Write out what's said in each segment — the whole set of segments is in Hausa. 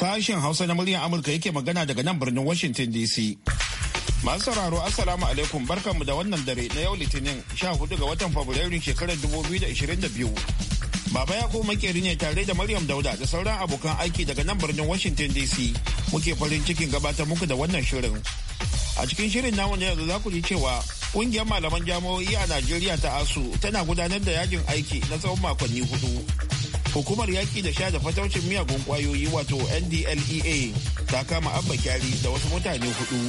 Sashen Hausa na muryar Amurka yake magana daga nan birnin Washington DC. Masu sauraro Assalamu alaikum barkanmu da wannan dare na yau Litinin 14 ga watan Fabrairu shekarar 2022. Baba ya koma makeri ne tare da Maryam Dauda da sauran abokan aiki daga nan birnin Washington DC. Muke farin cikin gabatar muku da wannan shirin. A cikin shirin namu na yanzu za ku ji cewa kungiyar malaman jami'o'i a Najeriya ta ASU tana gudanar da yajin aiki na tsawon makonni hudu. hukumar yaƙi da sha da fataucin miyagun ƙwayoyi wato ndlea ta kama abba kyari da wasu mutane hudu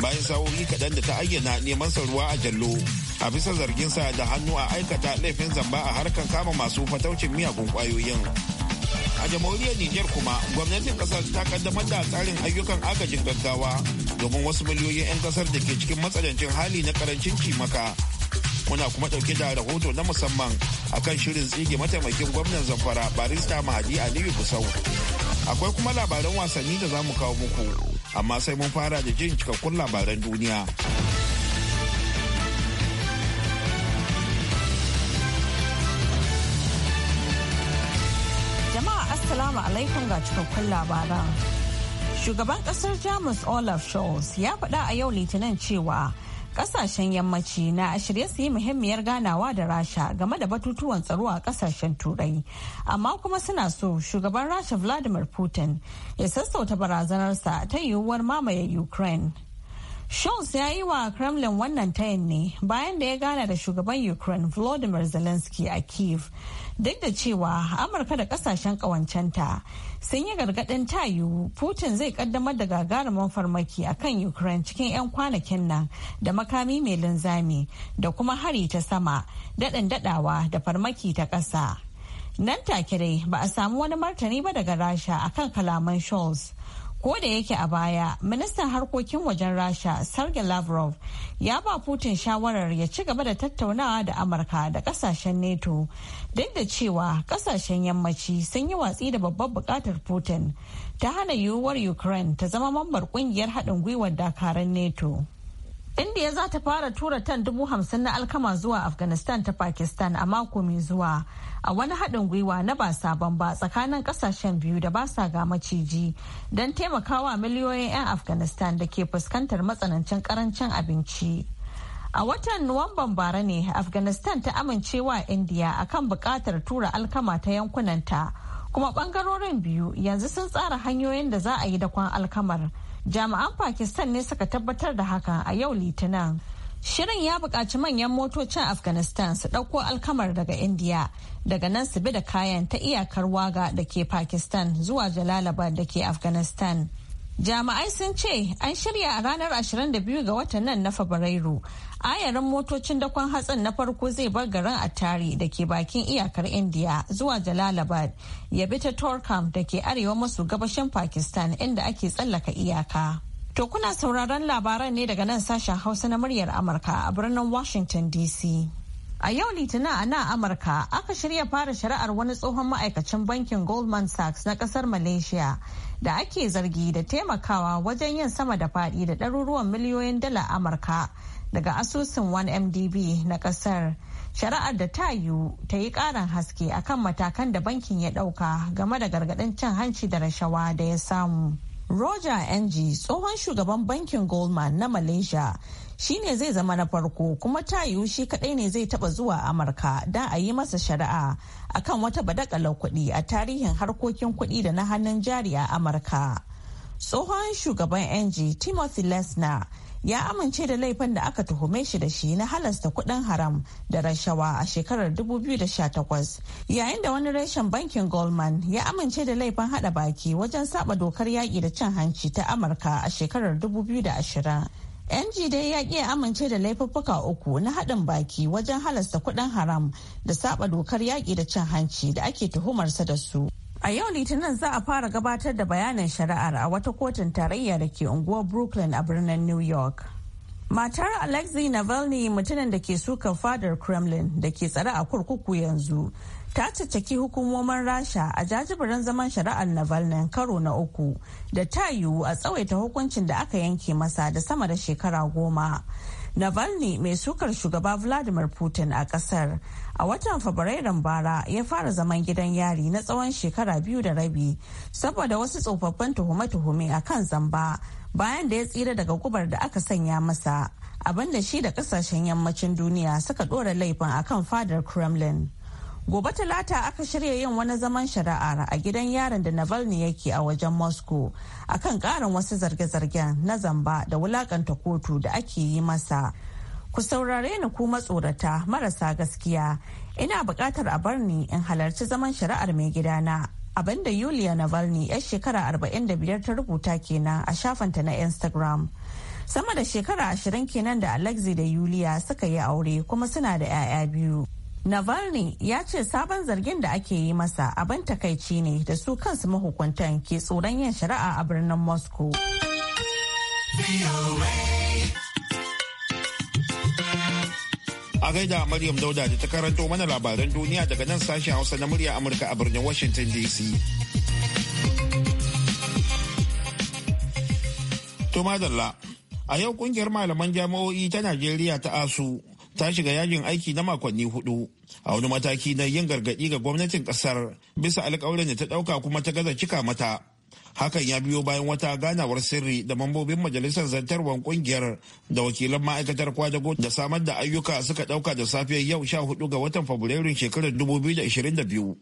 bayan sa'o'i kaɗan da ta ayyana neman sa ruwa a jallo a bisa zarginsa da hannu a aikata laifin zamba a harkar kama masu fataucin miyagun ƙwayoyin a jamhuriyar niger kuma gwamnatin ƙasar ta kaddamar da tsarin ayyukan agajin gaggawa domin wasu miliyoyin 'yan ƙasar da ke cikin matsanancin hali na karancin cimaka muna kuma dauke da rahoto na musamman akan shirin tsige mataimakin gwamnan zamfara barista mahadi aliyu busau akwai kuma labaran wasanni da za mu kawo muku amma sai mun fara da jin cikakkun labaran duniya jama'a assalamu alaikum ga cikakkun labaran shugaban kasar jamus olaf scholz ya faɗa a yau litinin cewa kasashen yammaci na a shirye su yi muhimmiyar ganawa da rasha game da batutuwan tsaro a kasashen turai amma kuma suna so shugaban rasha vladimir putin ya sassauta barazanarsa ta yiwuwar mamaye ukraine Scholz ya yi wa kremlin wannan tayin ne bayan da ya gana da shugaban ukraine volodymyr zelensky a kiev duk da cewa amurka da kasashen kawancenta sun yi gargadin tayu putin zai kaddamar da gagarumin farmaki a kan ukraine cikin 'yan kwanakin nan da makami mai linzami da kuma hari ta sama daɗin daɗawa da farmaki ta ƙasa nan take dai ba a samu wani martani ba daga rasha akan kalaman sholes Ko da yake a baya, ministan harkokin wajen Rasha, Sergei Lavrov, ya ba Putin shawarar ya ci gaba da tattaunawa da Amurka da kasashen NATO, duk da cewa kasashen yammaci sun yi watsi da babbar bukatar Putin ta hana yiwuwar Ukraine ta zama mambar kungiyar haɗin gwiwar dakarun NATO. indiya za ta fara tura tan dubu hamsin na alkama zuwa afghanistan ta pakistan a mako mai zuwa a wani haɗin gwiwa na ba sabon ba tsakanin ƙasashen biyu da ba sa ga maciji don taimakawa miliyoyin 'yan afghanistan da ke fuskantar matsanancin ƙarancin abinci a watan nuwamban bara ne afghanistan ta amincewa indiya akan buƙatar tura alkama ta yankunanta kuma ɓangarorin biyu yanzu sun tsara hanyoyin da za a yi dakon alkamar. alkamar jami'an pakistan ne suka tabbatar da haka a yau litinin shirin ya buƙaci manyan motocin afghanistan su ɗauko alkamar daga india daga nan su bi da kayan ta iyakar waga da ke pakistan zuwa jalalabad da ke afghanistan Jami'ai sun ce an shirya a ranar 22 ga watan nan na Fabrairu. Ayarin motocin dakon hatsin na farko zai bar garin Attari da ke bakin iyakar India zuwa Jalalabad ya bi ta Torkam da ke arewa masu gabashin Pakistan inda ake tsallaka iyaka. To kuna sauraron labaran ne daga nan sashen Hausa na muryar Amurka a birnin Washington DC. A yau Litinin a nan Amurka aka shirya fara shari'ar wani tsohon ma'aikacin bankin Goldman Sachs na kasar Malaysia da ake zargi da taimakawa wajen yin sama da faɗi da ɗaruruwan miliyoyin dala amurka daga asusun 1mdb na ƙasar shari'ar da ta yiwu ta yi ƙarin haske akan matakan da bankin ya ɗauka game da gargaɗin cin hanci da rashawa da ya samu. roger ng tsohon shugaban bankin goldman na malaysia shine zai zama na farko kuma ta yiwu shi kadai ne zai taba zuwa amurka don a yi masa shari'a akan wata badakalar kuɗi a tarihin harkokin kuɗi da na hannun jari a amurka tsohon shugaban ng timothy lesnar ya amince da laifin da aka tuhume shi da shi na halasta kuɗin haram da rashawa a shekarar 2018 yayin da wani reshen bankin goldman ya amince da laifin hada baki wajen saba dokar yaƙi da cin hanci ta amurka a shekarar 2020 NG dai ya ƙi amince da laifuffuka uku na haɗin baki wajen halasta kuɗin haram da saba dokar yaƙi da cin hanci da ake tuhumarsa da su. A yau Litinin za a fara gabatar da bayanin shari'ar a wata kotun tarayya da ke unguwar Brooklyn a birnin New York. Matar Alexei Navalny mutumin da ke sukan fadar Kremlin da ke tsare a kurkuku yanzu ta caccaki hukumomin Rasha a jajibirin zaman shari'ar Navalny karo na uku da ta yiwu a tsawaita hukuncin da aka yanke masa da sama da shekara goma. Navalny mai sukar shugaba Vladimir Putin a kasar a watan Fabrairun bara ya fara zaman gidan yari na tsawon shekara biyu da rabi saboda wasu tsofaffin tuhume-tuhume a kan zamba bayan da ya tsira daga gubar da aka sanya masa abinda shi da kasashen yammacin duniya suka dora laifin akan fadar Kremlin. Gobe Talata aka shirya yin wani zaman shari'ar a gidan yaron da Navalny yake a wajen Moscow akan karin wasu zarge-zargen na zamba da wulakanta kotu da ake yi masa. Ku saurare ni ku matsorata marasa gaskiya. Ina bukatar a bar in halarci zaman shari'ar mai gidana. Abinda Yulia Navalny 'yar shekara 45 ta rubuta kenan a shafinta na Instagram. Sama da shekara 20 kenan da alexi da Yulia suka yi aure kuma suna da 'ya'ya biyu. Navalny ya ce sabon zargin da ake yi masa abin takaici ne da su kansu mahukuntan ke tsoron yin shari'a a birnin Moscow. A gaida Maryam Dauda da ta karanto mana labaran duniya daga nan sashen Hausa na murya Amurka a birnin Washington DC. To a yau kungiyar malaman jami'o'i ta Najeriya ta ASU ta shiga yajin aiki na makonni hudu a wani mataki na yin gargaɗi ga gwamnatin ƙasar bisa alƙawarin da ta ɗauka kuma ta gaza cika mata hakan ya biyo bayan wata ganawar sirri da mambobin majalisar zantarwar kungiyar da wakilan ma'aikatar kwadago da samar da ayyuka suka ɗauka da safiyar yau sha hudu ga watan fabrairun shekarar 2022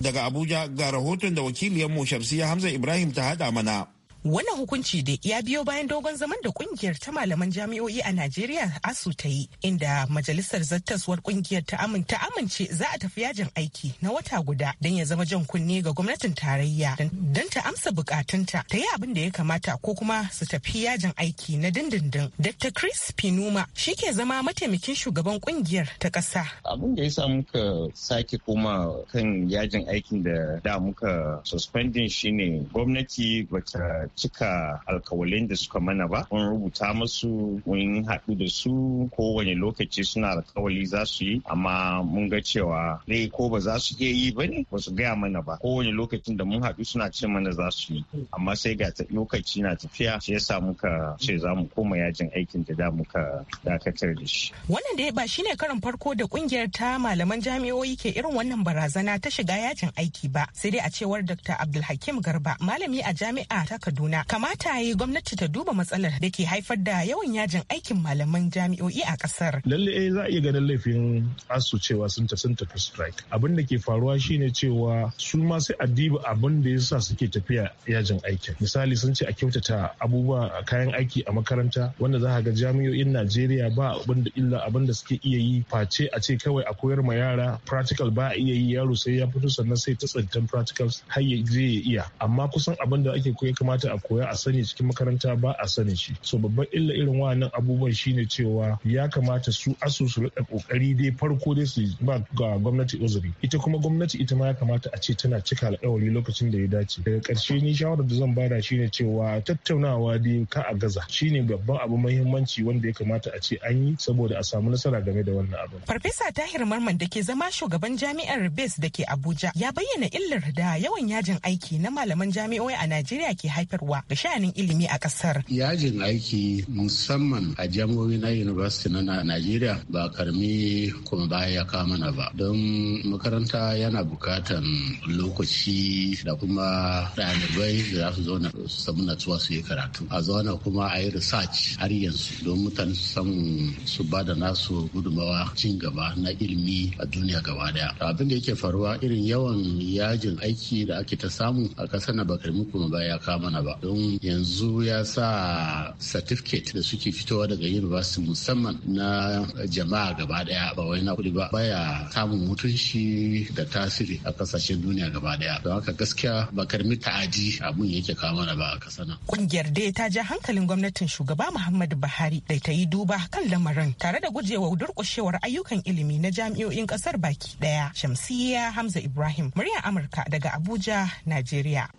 daga abuja ga rahoton da wakiliyarmu shamsiya hamza ibrahim ta haɗa mana Wannan hukunci da ya biyo bayan dogon zaman da kungiyar ta malaman jami'o'i a Najeriya ASU ta yi inda majalisar zattaswar kungiyar ta aminta amince za a tafi yajin aiki na wata guda don ya zama jan kunne ga gwamnatin tarayya don ta amsa bukatunta ta yi abin da ya kamata ko kuma su tafi yajin aiki na dindindin. Dr. Chris Pinuma shi ke zama mataimakin shugaban kungiyar ta ƙasa. Abin da ya sa muka sake koma kan yajin aikin da da muka suspending shine gwamnati bata cika alkawalin da suka mana ba mun rubuta musu mun haɗu da su kowane lokaci suna alkawali za su yi amma mun ga cewa dai ko ba za su iya yi ba ne ba su gaya mana ba kowane lokacin da mun haɗu suna ce mana za su yi amma sai ga lokaci na tafiya shi yasa muka ce za mu koma yajin aikin da da muka dakatar da shi wannan da ba shine karin farko da kungiyar ta malaman jami'o'i ke irin wannan barazana ta shiga yajin aiki ba sai dai a cewar dr abdulhakim garba malami a jami'a ta kaduna juna kamata yi gwamnati ta duba matsalar da ke haifar da yawan yajin aikin malaman jami'o'i a kasar. Lalle eh za a iya ganin laifin asu cewa sun tafi sun tafi strike. Abin da ke faruwa shine cewa su ma sai a diba abin da yasa suke tafiya yajin aikin. Misali sun ce a kyautata abubuwa kayan aiki a makaranta wanda za a ga jami'o'in Najeriya ba abin da illa abin da suke iya yi face a ce kawai a koyar ma yara practical ba a iya yi yaro sai ya fito sannan sai ta tsantan practicals har ya ya iya. Amma kusan abin da ake koya kamata a koya a sani cikin makaranta ba a sani shi so babban illa irin wannan abubuwan shine cewa ya kamata su asusu su rika kokari dai farko dai su ba ga gwamnati uzuri ita kuma gwamnati ita ma ya kamata a ce tana cika alkawari lokacin da ya dace daga ƙarshe ni shawarar da zan bada shine cewa tattaunawa dai ka a gaza shine babban abu muhimmanci wanda ya kamata a ce an yi saboda a samu nasara game da wannan abu farfesa tahir marman da ke zama shugaban jami'ar bes da ke abuja ya bayyana illar da yawan yajin aiki na malaman jami'o'i a najeriya ke haifar da sha'anin ilimi a kasar. Yajin aiki musamman a jamhuri na university na Najeriya ba karmi kuma baya ya kama na ba. Don makaranta yana bukatan lokaci da kuma ɗalibai da za su zauna na samu natsuwa su yi karatu. A zauna kuma a yi research har yanzu don mutane su samu su ba da nasu gudunmawa cin gaba na ilimi a duniya gaba daya. Abin da yake faruwa irin yawan yajin aiki da ake ta samu a kasar na ba karmi kuma baya ya kama na ba don yanzu ya sa certificate da suke fitowa daga university musamman na jama'a gaba daya ba wai na kudi ba baya samun mutunci da tasiri a kasashen duniya gaba daya don haka gaskiya ba karmi ta'adi abun yake kawo mana ba a kasa nan kungiyar dai ta ja hankalin gwamnatin shugaba muhammadu buhari da ta yi duba kan lamarin tare da gujewa durƙushewar ayyukan ilimi na jami'o'in kasar baki daya shamsiya hamza ibrahim murya amurka daga abuja najeriya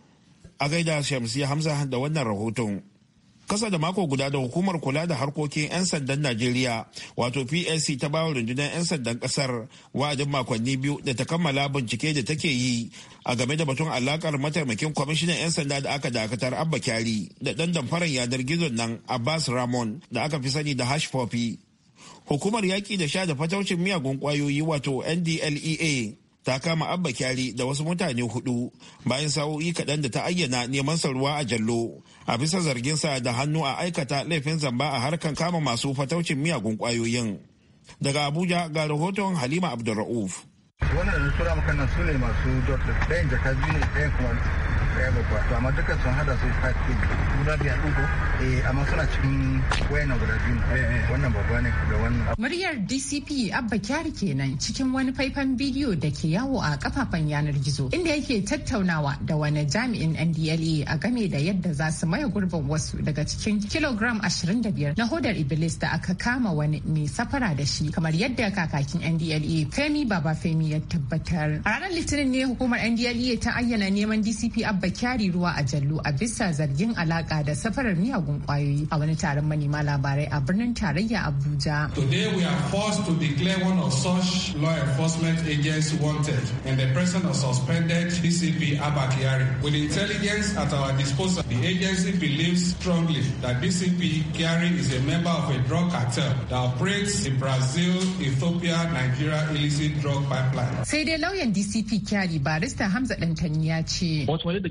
a gaida shamsi hamza da wannan rahoton kasa da mako guda da hukumar kula da harkokin 'yan sandan najeriya wato psc ta bawa rundunar 'yan sandan kasar wa'adin makonni biyu da ta kammala bincike da take yi a game da batun alakar mataimakin kwamishinan 'yan sanda da aka dakatar abba kyari da dan damfarar yanar gizon nan abbas ramon da aka fi sani da hash Fofi. hukumar yaƙi da sha da fataucin miyagun ƙwayoyi wato ndlea ta kama abba kyari da wasu mutane hudu bayan sa'o'i kaɗan da ta ayyana neman sa ruwa a jallo a bisa zarginsa da hannu a aikata laifin zamba a harkar kama masu fataucin miyagun kwayoyin daga abuja ga rahoton halima abdulra'uf wannan sura makannan su ne masu dot ɗayan jaka biyu ne ɗayan kuma muryar DCP Abba Kyari kenan cikin wani faifan bidiyo da ke yawo a kafafen yanar gizo inda yake tattaunawa da wani jami'in ndla e a game da yadda za su maye gurbin wasu daga cikin kilogram 25 na hodar iblis da aka kama wani mai safara da shi kamar yadda kakakin NDLE Femi Baba Femi ya tabbatar a ranar Litinin ne hukumar ndla e ta ayyana neman DCP Abba jefa kyari ruwa a jalu a bisa zargin alaka da safarar miyagun kwayoyi a wani taron manema labarai a birnin tarayya Abuja. Today we are forced to declare one of such law enforcement agents wanted in the presence of suspended DCP Abba Kyari. With intelligence at our disposal, the agency believes strongly that DCP Kyari is a member of a drug cartel that operates in Brazil, Ethiopia, Nigeria illicit drug pipeline. Sai dai lauyan DCP Kyari barista Hamza Dantani ya ce.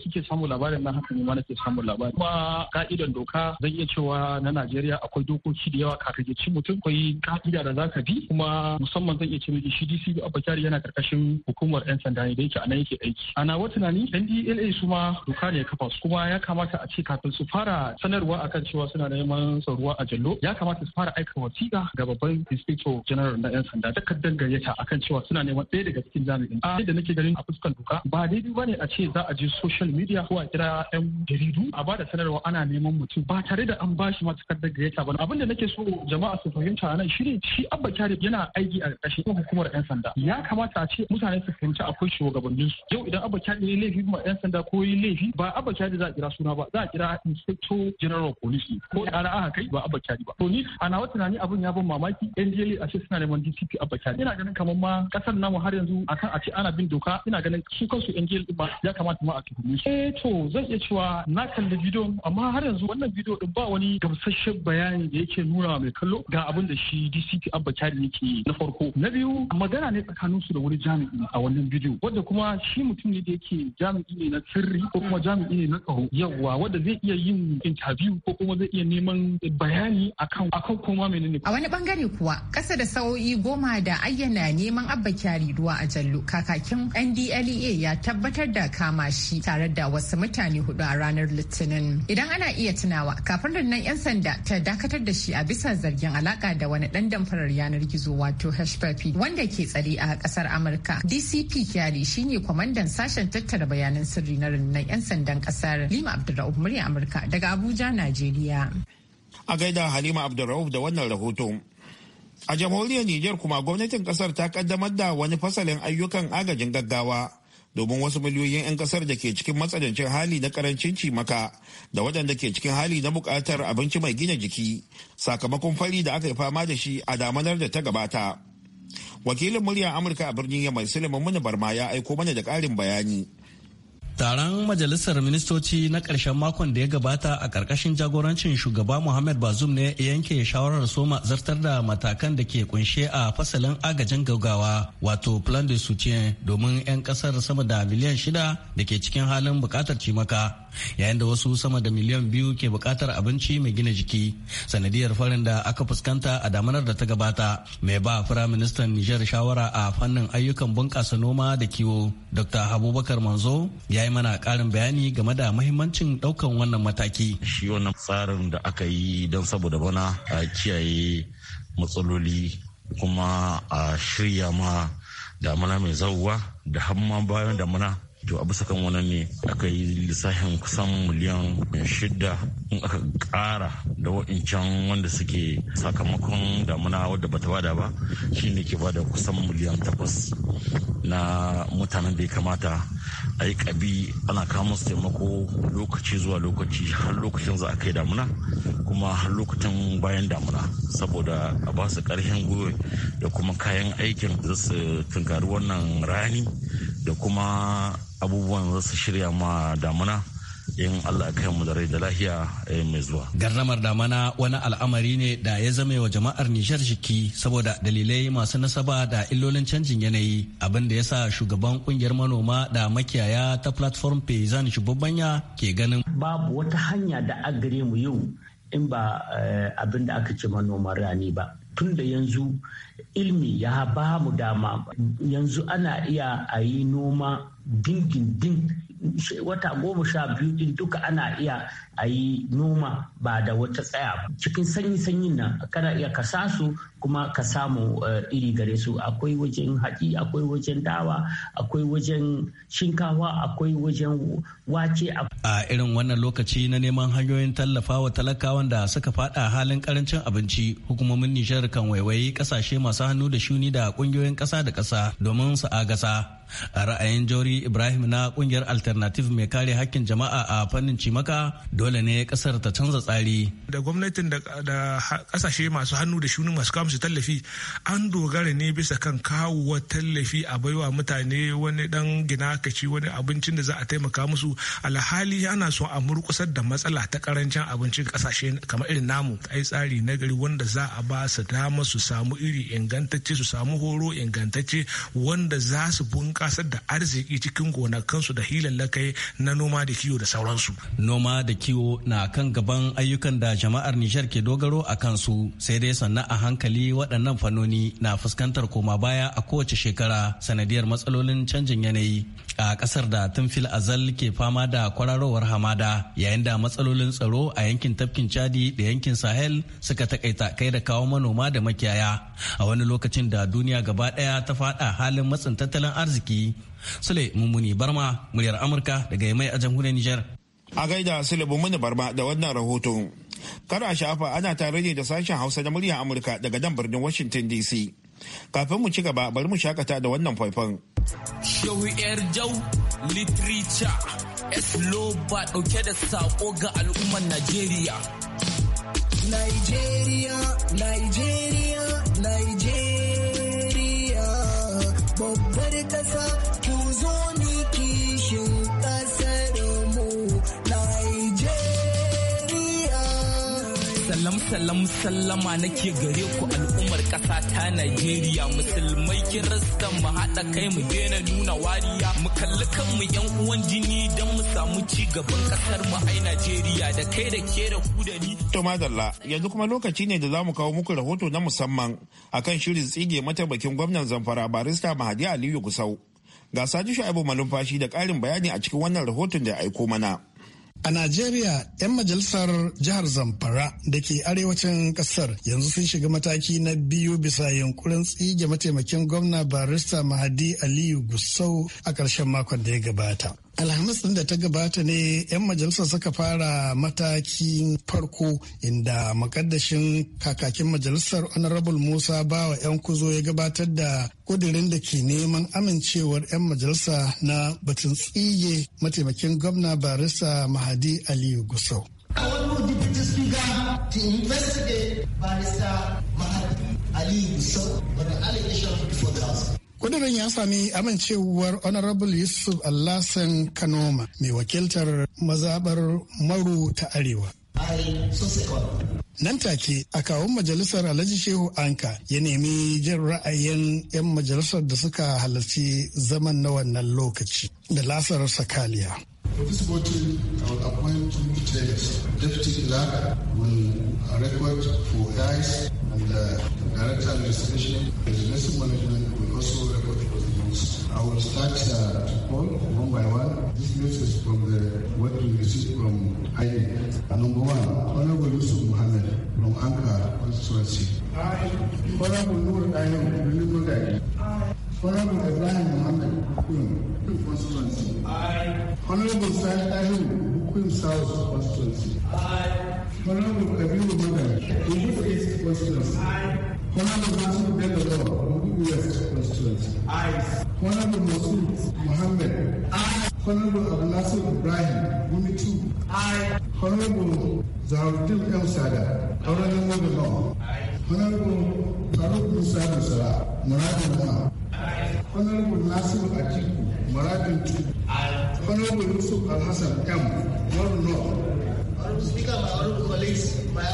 kike samun labarin na haka ne ma nake samun labari kuma ka'idan doka zan iya cewa na Najeriya akwai dokoki da yawa kafin ka ci mutum akwai ka'ida da zaka bi kuma musamman zan iya cewa miki shi DCP Abubakar yana karkashin hukumar 'yan sanda ne da yake anan yake aiki ana wa tunani NDLA su ma doka ne ya kafa su kuma ya kamata a ce kafin su fara sanarwa akan cewa suna neman tsaruwa a jallo ya kamata su fara aika wasiƙa ga babban inspector general na 'yan sanda da takardar gayyata akan cewa suna neman ɗaya daga cikin jami'in a da nake ganin a fuskar doka ba daidai bane a ce za a je social social media ko a kira yan jaridu a ba da sanarwa ana neman mutum ba tare da an bashi ma da gayata ba abin da nake so jama'a su fahimta nan shine shi abba kyari yana aiki a ko hukumar yan sanda ya kamata a ce mutane su fahimci akwai shugabannin su yau idan abba kyari ne laifi ma yan sanda ko yi laifi ba abba kyari za a kira suna ba za a kira inspector general police ko ana aka kai ba abba kyari ba to ni a nawa tunani abin ya ban mamaki NDLA a ce suna neman DCP abba kyari ina ganin kamar ma kasar namu har yanzu akan a ce ana bin doka ina ganin su kansu NDLA ba ya kamata ma a tuhumi shi eh to zan iya cewa na kalli bidiyon amma har yanzu wannan bidiyo din ba wani gamsasshen bayani da yake nuna mai kallo ga abin da shi DCP Abba Kyari yake na farko na biyu magana ne tsakanin su da wani jami'i a wannan bidiyo wanda kuma shi mutum ne da yake jami'i ne na sirri ko kuma jami'i ne na tsaro yawa wanda zai iya yin interview ko kuma zai iya neman bayani akan akan kuma menene a wani bangare kuwa kasa da sa'o'i goma da ayyana neman Abba Kyari ruwa a Jallo kakakin NDLEA ya tabbatar da kama shi tare tare da wasu mutane hudu a ranar Litinin. Idan ana iya tunawa, kafin nan 'yan sanda ta dakatar da shi a bisa zargin alaka da wani dan damfarar yanar gizo wato HPP wanda ke tsari a kasar Amurka. DCP Kyari shine kwamandan sashen tattara bayanan sirri na rundunar 'yan sandan kasar Lima Abdulrahman murya Amurka daga Abuja, nigeria. A gaida Halima Abdulrahman da wannan rahoton. A jamhuriyar Nijar kuma gwamnatin kasar ta kaddamar da wani fasalin ayyukan agajin gaggawa domin wasu miliyoyin 'yan kasar da ke cikin matsanancin hali na karancin cimaka da waɗanda ke cikin hali na buƙatar abinci mai gina jiki sakamakon fari da aka yi fama da shi a damanar da ta gabata wakilin Murya amurka a birnin yamai suleiman muni barma ya aiko mana da ƙarin bayani Taron majalisar ministoci na ƙarshen makon da ya gabata a ƙarƙashin jagorancin shugaba Muhammad Bazoum ne yanke shawarar soma zartar da matakan da ke kunshe a fasalin agajin gaugawa wato plan de soutien domin 'yan ƙasar sama da miliyan shida da ke cikin halin buƙatar cimaka. yayin da wasu sama da miliyan biyu ke bukatar abinci mai gina jiki sanadiyar farin da aka fuskanta a damanar da ta gabata mai ba firaministan nijar shawara a fannin ayyukan bunƙasa noma da kiwo dr abubakar manzo ya yi mana karin bayani game da mahimmancin ɗaukan wannan mataki shi wannan tsarin da aka yi don saboda bana a kiyaye matsaloli kuma a shirya ma damana mai zauwa da hamma bayan damana to a bisa kan wannan ne aka yi lissafin kusan miliyan shida in aka ƙara da waɗancan wanda suke sakamakon damuna wadda bata bada ba shi ne ke bada kusan miliyan takwas na mutanen da ya kamata a yi kabi ana kama su taimako lokaci zuwa lokaci har lokacin za a kai damuna kuma har lokacin bayan damuna saboda a ba su karfin gwiwa da kuma kayan aikin da su tunkari wannan rani da kuma abubuwan za su shirya ma damuna in Allah kai mu da rai da lahiya eh, mai zuwa. garramar damana wani al'amari ne da ya zama wa jama'ar Nijar jiki saboda dalilai masu nasaba da illolin canjin yanayi abin da ya sa shugaban kungiyar manoma da makiyaya ta platform peizan Shububanya ke ganin. Babu wata hanya da agare mu yau in ba eh, abin da aka ce manoman rani ba. tun da yanzu ilmi ya ba mu dama yanzu ana iya a yi noma dindindin wata goma sha biyu din duka ana iya a yi noma ba da wata tsaya cikin sanyi sanyin nan kana iya ka su kuma ka samu eh, iri gare su akwai wajen haɗi akwai wajen dawa akwai wajen shinkawa akwai wajen wace a irin wannan lokaci na neman hanyoyin tallafa wa talakawan da suka fada halin karancin abinci hukumomin nijar kan waiwayi kasashe masu hannu da shuni da kungiyoyin kasa da kasa domin su a agasa a ra'ayin jori ibrahim na kungiyar alternative mai kare hakkin jama'a a fannin cimaka dole ne kasar ta canza tsari da gwamnatin da kasashe masu hannu da shuni masu kamusu tallafi an dogara ne bisa kan kawo tallafi a baiwa mutane wani dan gina kaci wani abincin da za a taimaka musu alhali ana so a murkusar da matsala ta karancin abincin kasashe kamar irin namu ai tsari na gari wanda za a ba su dama su samu iri ingantacce su samu horo ingantacce wanda za su bunƙasa bunƙasar da arziki cikin gonakansu da hilallakai na noma da kiwo da sauransu. Noma da kiwo na kan gaban ayyukan da jama'ar Nijar ke dogaro a kansu sai dai sannan a hankali waɗannan fannoni na fuskantar koma baya a kowace shekara sanadiyar matsalolin canjin yanayi a kasar da tun fil azal ke fama da kwararowar hamada yayin da matsalolin tsaro a yankin tafkin chadi da yankin sahel suka takaita kai da kawo manoma da makiyaya a wani lokacin da duniya gaba daya ta fada halin matsin tattalin arziki sule mummuni barma muryar amurka daga mai a jamhuriyar niger a gaida sule mummuni barma da wannan rahoto kar a shafa ana tare ne da sashen hausa na muryar amurka daga dan birnin washington dc Kafin mu ci gaba bari mu shakata da wannan faifan. Shehu yar jau literature Esloba ɗauke da sako ga al'ummar Najeriya. Najeriya, Najeriya, Najeriya babbar ƙasa ku zo ni kishin ƙasar Najeriya. Nigeria. sallama nake gare ku al'umma. ƙasa ta Najeriya musulmai kin rasta mu haɗa kai mu daina nuna wariya mu kalli kanmu yan uwan jini don mu samu ci gaban ƙasar mu ai Najeriya da kai da ke da ku da ni. To madalla yanzu kuma lokaci ne da za mu kawo muku rahoto na musamman akan shirin tsige mataimakin gwamnan Zamfara barista Mahadi Aliyu Gusau. Ga Sadi Shaibu Malumfashi da ƙarin bayani a cikin wannan rahoton da ya aiko mana. A Najeriya, 'yan majalisar jihar Zamfara da ke arewacin kasar yanzu sun shiga mataki na biyu bisa yunkurin tsige mataimakin gwamna barista Mahadi Aliyu Gusau a ƙarshen makon da ya gabata. alhamis din da ta gabata ne 'yan majalisa suka fara matakin farko inda makaddashin kakakin majalisar honorable musa bawa 'yan kuzo ya gabatar da kudirin da ke neman amincewar 'yan majalisa na batun tsige mataimakin gwamna barista mahadi aliyu gusau Kudirin ya sami amincewar Honorable Yusuf Alassan Kanoma mai wakiltar mazabar Maru ta Arewa. Nan take a kawun majalisar Alhaji Shehu Anka ya nemi jin ra'ayin 'yan majalisar da suka halarci zaman na wannan lokaci da lasar sakaliya. Davis, Deputy Clerk, will record for DICE and the uh, Director of Business Management will also record for the news. I will start uh, to call one by one. This message from the what we received from Number one, Honorable Yusuf from Ankara constituency. Honorable Nur Ayo, Honorable Ibrahim Muhammad Bukwim, Bukwim constituency. Aye. Honorable Said Ahim, Bukwim South constituency. Aye. Honorable Kabiru Magan, Bukwim East constituency. Aye. Honorable Masoud Bedalo, Bukwim West constituency. Aye. Honorable Masoud Mohammed. Aye. Honorable Abunasir Ibrahim, Gumi 2. Aye. Honorable Zaharuddin El Sada, Honorable Mobile Aye. Honorable Farooq Musa Musala, Murad Umar. honorable nasir atiku muradin tu honorable yusuf alhassan m one north Honorable Speaker, my honorable colleagues, my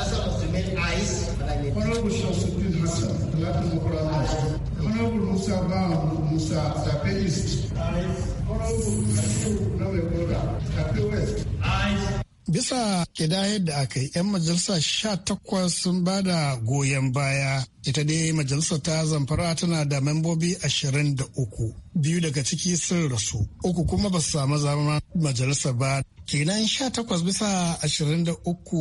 Honorable Shamsuddin Hassan, Latin Honorable Musa Baum, Musa Tape East. Honorable Tape West. Bisa kidayar da aka yi, 'yan majalisa sha takwas sun bada goyon baya ita dai majalisar ta zamfara tana da membobi ashirin biyu daga ciki sun rasu uku kuma ba su samu zama majalisar ba kenan sha bisa ashirin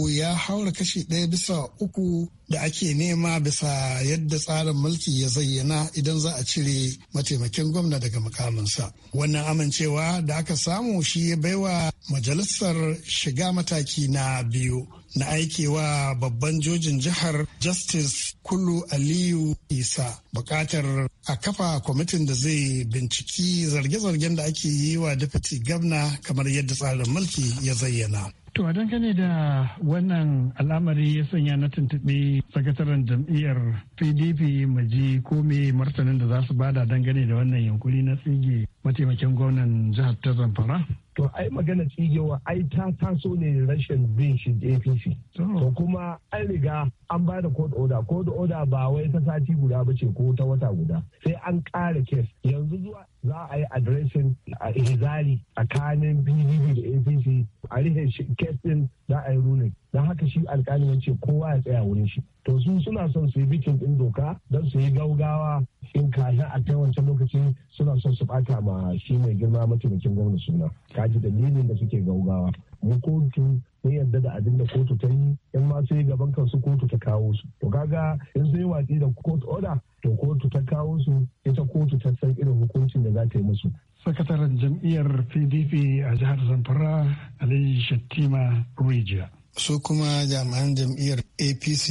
ya haura kashi ɗaya bisa uku da ake nema bisa yadda tsarin mulki ya zayyana idan za a cire mataimakin gwamna daga mukaminsa wannan amincewa da aka samu shi ya baiwa majalisar shiga mataki na biyu na aikewa babban jojin jihar Justice Kulu Aliyu Isa bukatar a kafa kwamitin da zai binciki zarge-zargen da ake yi wa dafati gabna kamar yadda tsarin mulki ya zayyana. To a dangane da wannan al'amari ya sanya na tuntuɓe sakataren jam'iyyar PDP maji ko me martanin da za su bada dangane da wannan yankuri na tsige mataimakin gwamnan jihar ta Zamfara? to ai magana cigewa ai ta taso ne rashin bin shi APC To kuma an riga an ba da code order. Code order ba wai ta sati guda ba ce ko ta wata guda. Sai an kare kes. Yanzu zuwa za a yi adireshin a izali a kanin PDP da APC a rihe kes din za a yi ruling. Don haka shi alkalin wance kowa ya tsaya wurin shi. To su suna son su yi bikin ɗin doka don su yi gaugawa in kashin a kai wancan lokacin suna son su bata ma shi mai girma mataimakin gwamna suna. Kaji dalilin da suke gaugawa. Mu kotu sun yarda da abin da kotu ta yi in ma sai gaban kansu kotu ta kawo su to kaga in sun yi watsi da court order to kotu ta kawo su ita kotu ta san irin hukuncin da za ta yi musu sakataren jam'iyyar pdp a jihar zamfara Aliyu shattima rijiya su kuma jami'an jam'iyyar apc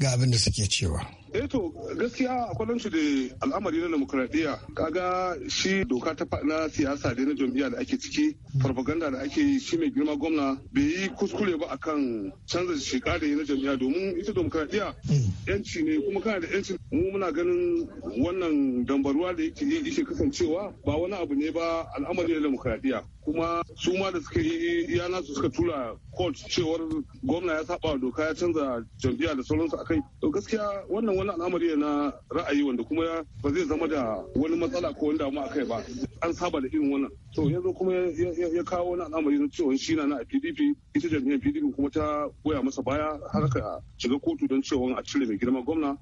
ga abin da suke cewa eh to gaskiya a su da al'amari na demokuraɗiyya kaga shi doka ta na siyasa da na jam'iyya da ake ciki farfaganda da ake yi shi mai girma gwamna bai yi kuskure ba akan canza shekara da na jam'iyya domin ita demokuraɗiyya hmm. yanci ne kuma kana da yanci mu muna ganin wannan dambaruwa da yake yake kasancewa ba wani abu ne ba al'amari na demokuraɗiyya kuma su ma da suka yi iya nasu suka tura court cewar gwamna ya saba doka ya canza jam'iyya da sauransu akai to gaskiya wannan wani al'amari na ra'ayi wanda kuma ba zai zama da wani matsala ko wani damuwa akai ba an saba da irin wannan to yanzu kuma ya kawo wani al'amari na cewa shi na a PDP ita jami'an PDP kuma ta goya masa baya har ka shiga kotu don cewa a cire mai girma gwamna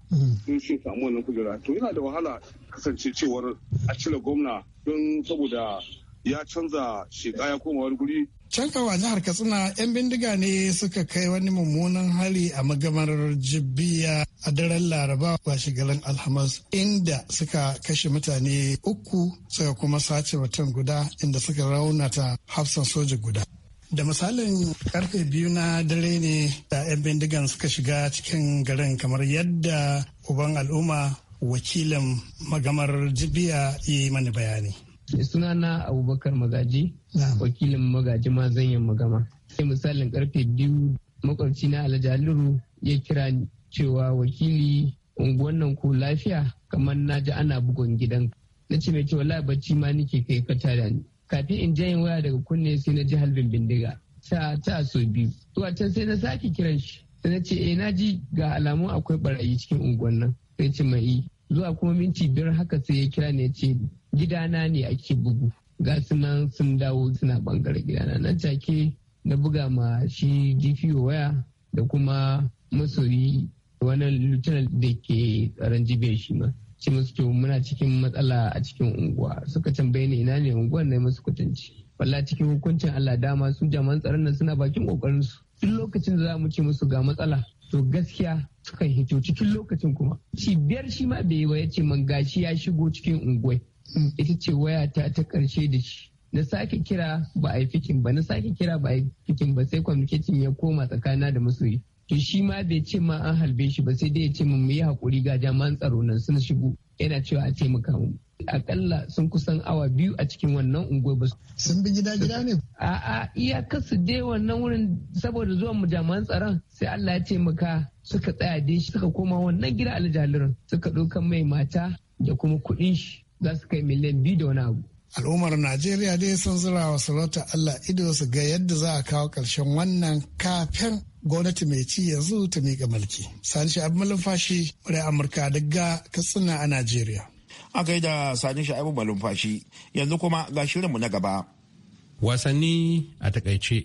sun shi samu wannan kujera to yana da wahala kasance cewar a cire gwamna don saboda ya canza sheka ya koma wani guri can jihar katsina 'yan bindiga ne suka kai wani mummunan hali a magamar jibiya a daren laraba ba, shigalan alhamis inda suka kashe mutane uku suka kuma sace mutum guda inda suka raunata hafsan soja guda da misalin karfe biyu na dare ne da 'yan bindigan suka shiga cikin garin kamar yadda uban al'umma wakilin magamar jibiya ya yi mani bayani suna na abubakar magaji wakilin magaji ma zan yi magama sai misalin karfe biyu makwabci na alhaji ya kira cewa wakili unguwan nan ko lafiya kamar na ji ana bugun gidan na ce mai cewa bacci ma nike kai kata da ni kafin in jayin waya daga kunne sai na ji halbin bindiga ta ta so biyu zuwa sai na sake kiran shi sai na ce eh na ji ga alamu akwai barayi cikin unguwan nan sai ce mai eh. zuwa kuma minti biyar haka sai ya kira ne ya ce gidana ne ake bugu ga nan sun dawo suna bangare gidana nan take na buga ma shi dpo waya da kuma masoyi wani lieutenant da ke tsaron jibiyar shi ma ce musu to muna cikin matsala a cikin unguwa suka tambaye ni ina ne unguwar na musu kutanci walla cikin hukuncin Allah dama su jaman tsaron nan suna bakin kokarin su duk lokacin da za mu ce musu ga matsala to gaskiya sukan hito cikin lokacin kuma biyar shi ma bai yi ba ya ce man gashi ya shigo cikin unguwai ita ce wayata ta karshe da shi na sake kira ba a yi fikin ba na sake kira ba a yi fikin ba sai kwamfikin ya koma tsakana da masoyi to shi ma bai ce ma an halbe shi ba sai dai ya ce mu yi hakuri ga jami'an tsaro nan sun shigo yana cewa a taimaka mu akalla sun kusan awa biyu a cikin wannan unguwar ba sun bi gida gida ne a a kasu dai wannan wurin saboda zuwan mu jami'an tsaron sai Allah ya taimaka suka tsaya dai shi suka koma wannan gida aljalirin suka ɗaukan mai mata da kuma kuɗin shi za su kai miliyan biyu da wani abu al'ummar najeriya dai sun zura wa sarauta allah ido su ga yadda za a kawo ƙarshen wannan kafin gwamnati mai ci yanzu ta miƙa mulki sani shi abin malumfashi murai amurka daga katsina a najeriya a da sani shi abin malumfashi yanzu kuma ga shirinmu na gaba wasanni a takaice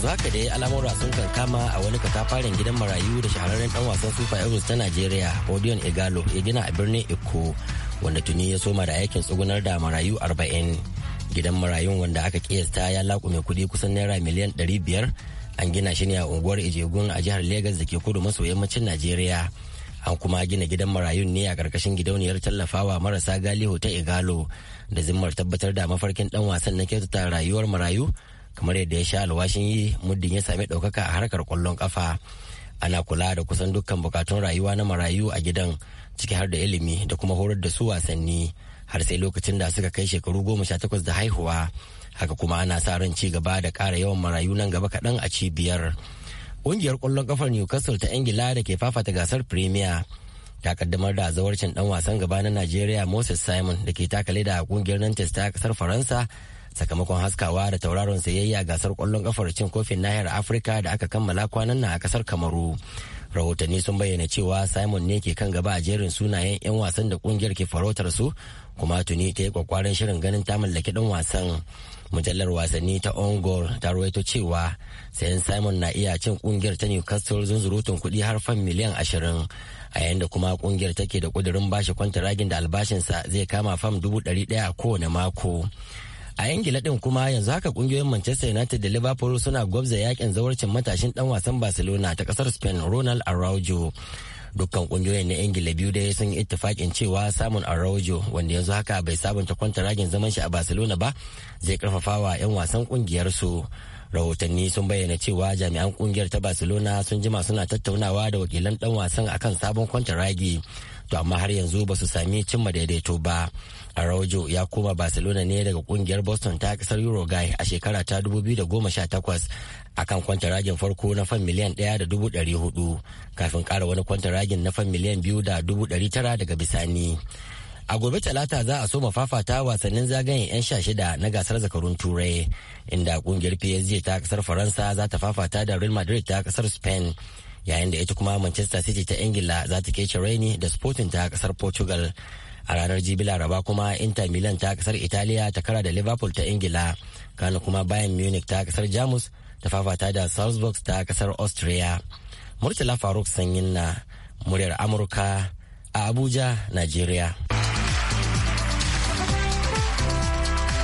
yanzu haka dai al'amura sun kankama a wani katafaren gidan marayu da shahararren dan wasan sufa eagles ta nigeria odion igalo ya gina a birnin eko wanda tuni ya soma da aikin tsugunar da marayu 40 gidan marayun wanda aka kiyasta ya lakume kudi kusan naira miliyan 500 an gina shi ne a unguwar ijegun a jihar lagos da ke kudu maso yammacin nigeria an kuma gina gidan marayun ne a karkashin gidauniyar tallafawa marasa galihu ta igalo da zimmar tabbatar da mafarkin dan wasan na kyautata rayuwar marayu kamar yadda ya sha alwashin yi muddin ya sami ɗaukaka a harkar kwallon kafa ana kula da kusan dukkan bukatun rayuwa na marayu a gidan ciki har da ilimi da kuma horar da su wasanni har sai lokacin da suka kai shekaru goma sha takwas da haihuwa haka kuma ana sa ran ci gaba da ƙara yawan marayu nan gaba kaɗan a cibiyar ƙungiyar ƙwallon ƙafar newcastle ta ingila da ke fafata gasar premier ta kaddamar da zawarcin dan wasan gaba na nigeria Moses Simon da ke takale da ƙungiyar Nantes ta kasar Faransa sakamakon haskawa da tauraron sayayya gasar kwallon kafar cin kofin nahiyar afirka da aka kammala kwanan nan a kasar kamaru rahotanni sun bayyana cewa simon ne ke kan gaba a jerin sunayen 'yan wasan da kungiyar ke farautar su kuma tuni ta yi kwakwaran shirin ganin ta mallaki dan wasan mujallar wasanni ta ongol ta rawaito cewa sayan simon na iya cin kungiyar ta newcastle zunzurutun kuɗi har fan miliyan ashirin a yayin da kuma kungiyar take da kudurin bashi ragin da albashinsa zai kama fam dubu ɗari ɗaya kowane mako a ingila din kuma yanzu haka kungiyoyin manchester united da liverpool suna gwabza yakin zawarcin matashin dan wasan barcelona ta kasar spain ronald araujo dukkan kungiyoyin na ingila biyu dai sun yi ittifakin cewa samun araujo wanda yanzu haka bai sabunta ragin zaman shi a barcelona ba zai karfafa 'yan wasan ƙungiyarsu. rahotanni sun bayyana cewa jami'an kungiyar ta barcelona sun jima suna tattaunawa da wakilan dan wasan akan sabon kwanta ragi to amma har yanzu ba su sami cimma daidaito ba araujo ya koma barcelona ne daga kungiyar boston ta kasar guy a shekara ta 2018 akan ragin farko na fan miliyan 1.400 kafin kara wani kwanta-ragin na fan miliyan 2.900 daga bisani a gobe talata za a soma fafata wasannin zagayen 'yan sha shida na gasar zakarun turai inda kungiyar psg ta kasar faransa za ta fafata da real madrid ta kasar spain yayin da ita kuma manchester city ta ingila za ta kece raini da sporting ta kasar portugal a ranar jibi laraba kuma inter milan ta kasar italiya ta kara da liverpool ta ingila kano kuma bayan munich ta kasar jamus ta fafata da salzburg ta kasar austria murtala faruk sanyin na muryar amurka a abuja nigeria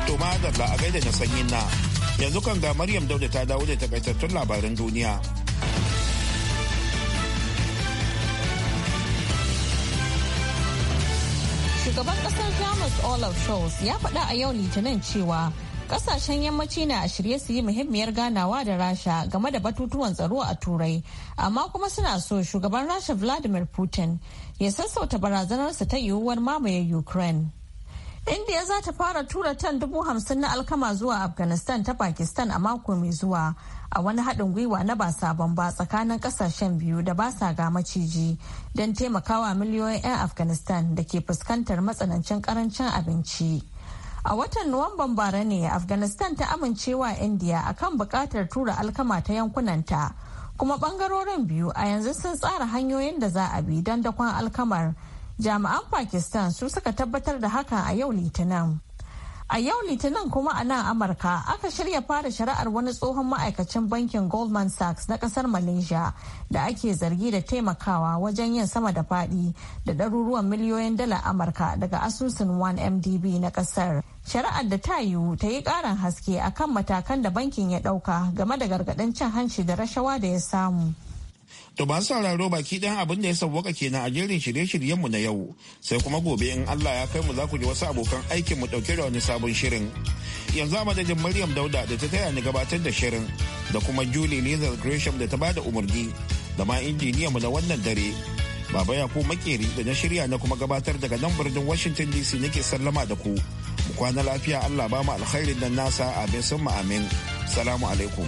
Toma a sanyin na yanzu kan ga maryam dauda ta dawo da takaitattun labaran duniya Shugaban kasar Jamus Olaf Scholz ya faɗa a yau Litinin cewa kasashen yammaci na a shirye su yi muhimmiyar ganawa da rasha game da batutuwan tsaro a turai amma kuma suna so shugaban rasha vladimir putin ya sassauta barazanarsa ta yiwuwar mamaye ukraine India za ta fara tura tan dubu hamsin na alkama zuwa Afghanistan ta Pakistan a mako mai zuwa a wani haɗin gwiwa na ba sabon ba tsakanin ƙasashen biyu da ba sa ga maciji don taimakawa miliyoyin 'yan Afghanistan da ke fuskantar matsanancin ƙarancin abinci. A watan Nuwamban bara ne Afghanistan ta amincewa India akan buƙatar tura alkama ta yankunanta kuma ɓangarorin biyu a yanzu sun tsara hanyoyin da za a bi don dakon alkamar. jami'an pakistan su suka tabbatar da haka a yau litinin a yau litinin kuma a nan amurka aka shirya fara shari'ar wani tsohon ma'aikacin bankin goldman sachs na kasar malaysia da ake zargi da taimakawa wajen yin sama da fadi da ɗaruruwan miliyoyin dala amurka daga asusun 1mdb na kasar shari'ar da ta yiwu ta yi ƙarin haske akan matakan da bankin ya ɗauka game da gargaɗin cin hanci da rashawa da ya samu To ba sauraro baki ɗan abin da ya sauwaka kenan a jerin shirye-shiryenmu na yau. Sai kuma gobe in Allah ya kai mu za ku ji wasu abokan aikin mu ɗauke da wani sabon shirin. Yanzu a madadin Maryam Dauda da ta taya ni gabatar da shirin da kuma Julie Lizar Gresham da ta bada umarni da ma injiniya mu na wannan dare. Baba Yakubu Makeri da na shirya na kuma gabatar daga nan birnin Washington DC nake sallama da ku. Mu kwana lafiya Allah ba mu alkhairin nan nasa abin bai amin. Salamu alaikum.